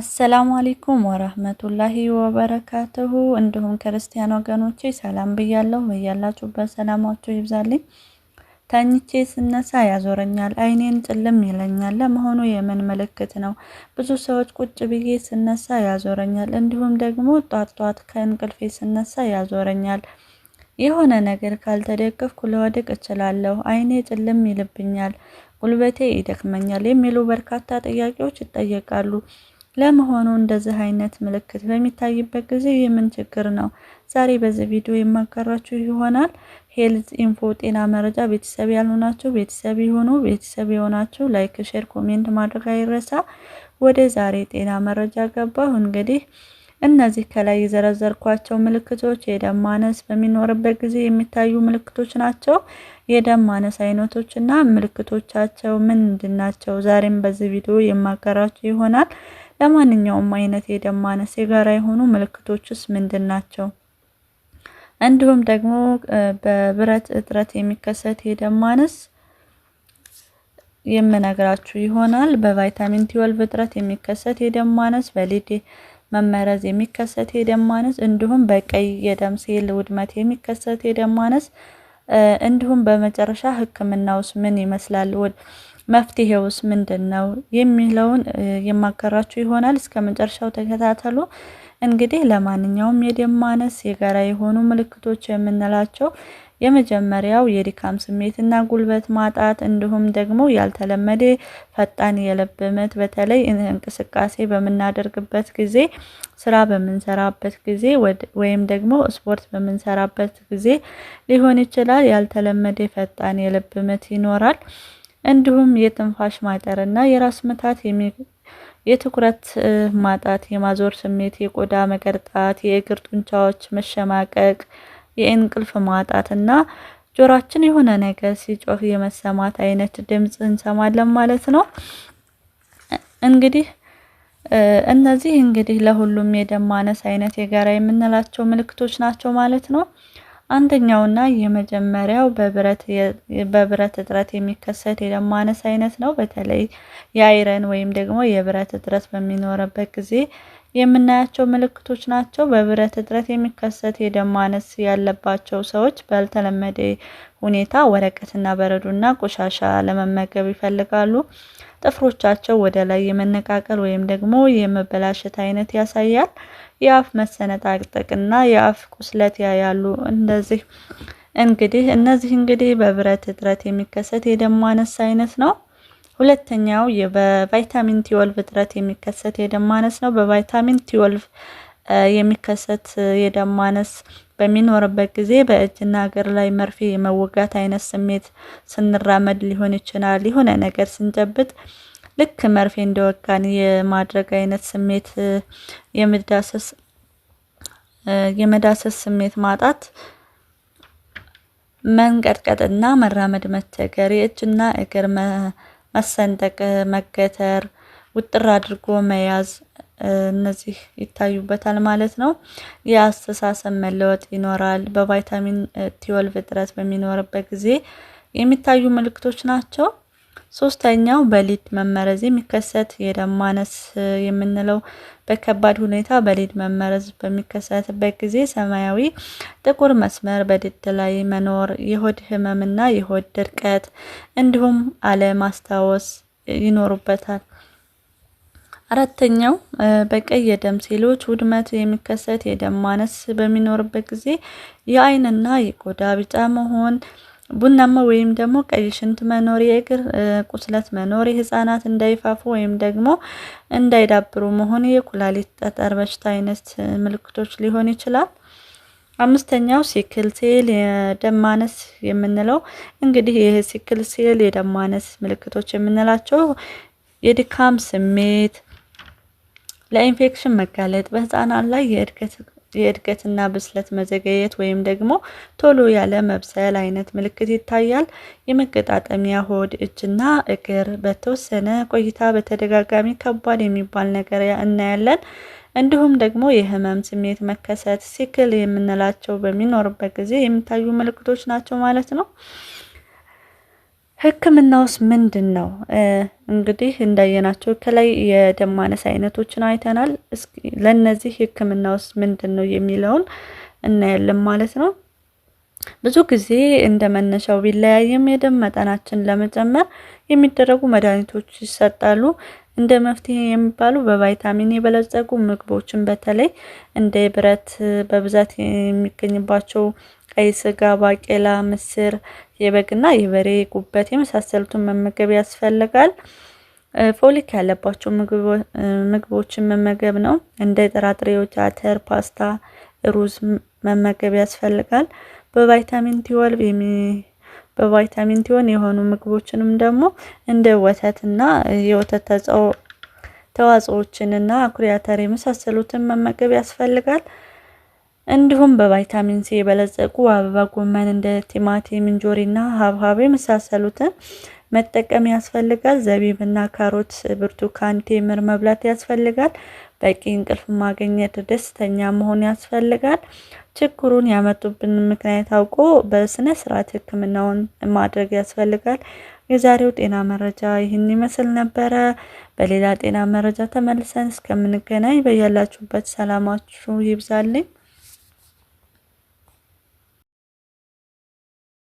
አሰላሙ አሌይኩም ወረህመቱላሂ ወበረካትሁ። እንዲሁም ክርስቲያን ወገኖቼ ሰላም ብያለሁ። በያላችሁበት ሰላማችሁ ይብዛልኝ። ተኝቼ ስነሳ ያዞረኛል፣ አይኔን ጭልም ይለኛል። ለመሆኑ የምን ምልክት ነው? ብዙ ሰዎች ቁጭ ብዬ ስነሳ ያዞረኛል፣ እንዲሁም ደግሞ ጧት ጧት ከእንቅልፌ ስነሳ ያዞረኛል። የሆነ ነገር ካልተደገፍኩ ልወድቅ እችላለሁ፣ አይኔ ጭልም ይልብኛል፣ ጉልበቴ ይደክመኛል የሚሉ በርካታ ጥያቄዎች ይጠየቃሉ። ለመሆኑ እንደዚህ አይነት ምልክት በሚታይበት ጊዜ የምን ችግር ነው? ዛሬ በዚህ ቪዲዮ የማጋራችሁ ይሆናል። ሄልዝ ኢንፎ ጤና መረጃ ቤተሰብ ያልሆናችሁ ቤተሰብ ይሁኑ። ቤተሰብ የሆናችሁ ላይክ፣ ሼር፣ ኮሜንት ማድረግ አይረሳ። ወደ ዛሬ ጤና መረጃ ገባሁ። እንግዲህ እነዚህ ከላይ የዘረዘርኳቸው ምልክቶች የደም ማነስ በሚኖርበት ጊዜ የሚታዩ ምልክቶች ናቸው። የደም ማነስ አይነቶች እና ምልክቶቻቸው ምንድን ናቸው? ዛሬም በዚህ ቪዲዮ የማጋራችሁ ይሆናል። ለማንኛውም አይነት የደም ማነስ የጋራ የሆኑ ምልክቶችስ ምንድን ናቸው? እንዲሁም ደግሞ በብረት እጥረት የሚከሰት የደም ማነስ የምነግራችሁ ይሆናል። በቫይታሚን ቲወልቭ እጥረት የሚከሰት የደም ማነስ፣ በሊድ መመረዝ የሚከሰት የደም ማነስ እንዲሁም በቀይ የደም ሴል ውድመት የሚከሰት የደም ማነስ እንዲሁም በመጨረሻ ሕክምናውስ ምን ይመስላል? መፍትሄውስ ምንድን ነው የሚለውን የማጋራችሁ ይሆናል። እስከ መጨረሻው ተከታተሉ። እንግዲህ ለማንኛውም የደም ማነስ የጋራ የሆኑ ምልክቶች የምንላቸው የመጀመሪያው የድካም ስሜትና ጉልበት ማጣት እንዲሁም ደግሞ ያልተለመደ ፈጣን የልብ ምት በተለይ እንቅስቃሴ በምናደርግበት ጊዜ፣ ስራ በምንሰራበት ጊዜ ወይም ደግሞ ስፖርት በምንሰራበት ጊዜ ሊሆን ይችላል። ያልተለመደ ፈጣን የልብ ምት ይኖራል። እንዲሁም የትንፋሽ ማጠር እና የራስ ምታት፣ የትኩረት ማጣት፣ የማዞር ስሜት፣ የቆዳ መቀርጣት፣ የእግር ጡንቻዎች መሸማቀቅ፣ የእንቅልፍ ማጣት እና ጆሯችን የሆነ ነገር ሲጮህ የመሰማት አይነት ድምፅ እንሰማለን ማለት ነው። እንግዲህ እነዚህ እንግዲህ ለሁሉም የደም ማነስ አይነት የጋራ የምንላቸው ምልክቶች ናቸው ማለት ነው። አንደኛውና የመጀመሪያው በብረት እጥረት የሚከሰት የደም ማነስ አይነት ነው። በተለይ የአይረን ወይም ደግሞ የብረት እጥረት በሚኖርበት ጊዜ የምናያቸው ምልክቶች ናቸው። በብረት እጥረት የሚከሰት የደም ማነስ ያለባቸው ሰዎች ባልተለመደ ሁኔታ ወረቀትና በረዶና ቆሻሻ ለመመገብ ይፈልጋሉ። ጥፍሮቻቸው ወደ ላይ የመነቃቀል ወይም ደግሞ የመበላሸት አይነት ያሳያል። የአፍ መሰነጣጠቅና የአፍ ቁስለት ያያሉ። እንደዚህ እንግዲህ እነዚህ እንግዲህ በብረት እጥረት የሚከሰት የደም ማነስ አይነት ነው። ሁለተኛው በቫይታሚን ቲወልቭ እጥረት የሚከሰት የደም ማነስ ነው። በቫይታሚን ቲወልቭ የሚከሰት የደም ማነስ በሚኖርበት ጊዜ በእጅና እግር ላይ መርፌ የመወጋት አይነት ስሜት ስንራመድ ሊሆን ይችላል። የሆነ ነገር ስንጨብጥ ልክ መርፌ እንደወጋን የማድረግ አይነት ስሜት የመዳሰስ የመዳሰስ ስሜት ማጣት መንቀጥቀጥና መራመድ መቸገር፣ የእጅና እግር መሰንጠቅ፣ መገተር፣ ውጥር አድርጎ መያዝ እነዚህ ይታዩበታል ማለት ነው። የአስተሳሰብ መለወጥ ይኖራል። በቫይታሚን ቲወልቭ እጥረት በሚኖርበት ጊዜ የሚታዩ ምልክቶች ናቸው። ሶስተኛው በሊድ መመረዝ የሚከሰት የደም ማነስ የምንለው በከባድ ሁኔታ በሊድ መመረዝ በሚከሰትበት ጊዜ ሰማያዊ ጥቁር መስመር በድድ ላይ መኖር፣ የሆድ ህመምና የሆድ ድርቀት እንዲሁም አለማስታወስ ይኖሩበታል። አራተኛው በቀይ የደም ሴሎች ውድመት የሚከሰት የደም ማነስ በሚኖርበት ጊዜ የአይንና የቆዳ ቢጫ መሆን ቡናማ ወይም ደግሞ ቀይ ሽንት መኖር፣ የእግር ቁስለት መኖር፣ የህፃናት እንዳይፋፉ ወይም ደግሞ እንዳይዳብሩ መሆን የኩላሊት ጠጠር በሽታ አይነት ምልክቶች ሊሆን ይችላል። አምስተኛው ሲክል ሴል የደም ማነስ የምንለው እንግዲህ ይህ ሲክል ሴል የደም ማነስ ምልክቶች የምንላቸው የድካም ስሜት፣ ለኢንፌክሽን መጋለጥ፣ በህፃናት ላይ የእድገት የእድገትና ብስለት መዘገየት ወይም ደግሞ ቶሎ ያለ መብሰል አይነት ምልክት ይታያል። የመገጣጠሚያ ሆድ፣ እጅና እግር በተወሰነ ቆይታ በተደጋጋሚ ከባድ የሚባል ነገር እናያለን። እንዲሁም ደግሞ የህመም ስሜት መከሰት፣ ሲክል የምንላቸው በሚኖርበት ጊዜ የሚታዩ ምልክቶች ናቸው ማለት ነው። ህክምናውስ ምንድን ነው? እንግዲህ እንዳየናቸው ከላይ የደም ማነስ አይነቶችን አይተናል። ለእነዚህ ህክምናውስ ምንድን ነው የሚለውን እናያለን ማለት ነው። ብዙ ጊዜ እንደ መነሻው ቢለያይም የደም መጠናችን ለመጨመር የሚደረጉ መድኃኒቶች ይሰጣሉ። እንደ መፍትሄ የሚባሉ በቫይታሚን የበለጸጉ ምግቦችን በተለይ እንደ ብረት በብዛት የሚገኝባቸው ቀይ ስጋ፣ ባቄላ፣ ምስር፣ የበግና የበሬ ጉበት የመሳሰሉትን መመገብ ያስፈልጋል። ፎሊክ ያለባቸው ምግቦችን መመገብ ነው። እንደ ጥራጥሬዎች፣ አተር፣ ፓስታ፣ ሩዝ መመገብ ያስፈልጋል። በቫይታሚን ቲወልቭ በቫይታሚን ቲሆን የሆኑ ምግቦችንም ደግሞ እንደ ወተትና የወተት ተዋጽኦዎችንና አኩሪ አተር የመሳሰሉትን መመገብ ያስፈልጋል። እንዲሁም በቫይታሚን ሲ የበለጸጉ አበባ ጎመን እንደ ቲማቲም፣ እንጆሪ ና ሀብሀብ የመሳሰሉትን መጠቀም ያስፈልጋል። ዘቢብና ካሮት፣ ብርቱካን፣ ቴምር መብላት ያስፈልጋል። በቂ እንቅልፍ ማግኘት፣ ደስተኛ መሆን ያስፈልጋል። ችግሩን ያመጡብን ምክንያት አውቆ በስነ ስርዓት ሕክምናውን ማድረግ ያስፈልጋል። የዛሬው ጤና መረጃ ይህን ይመስል ነበረ። በሌላ ጤና መረጃ ተመልሰን እስከምንገናኝ በያላችሁበት ሰላማችሁ ይብዛልኝ።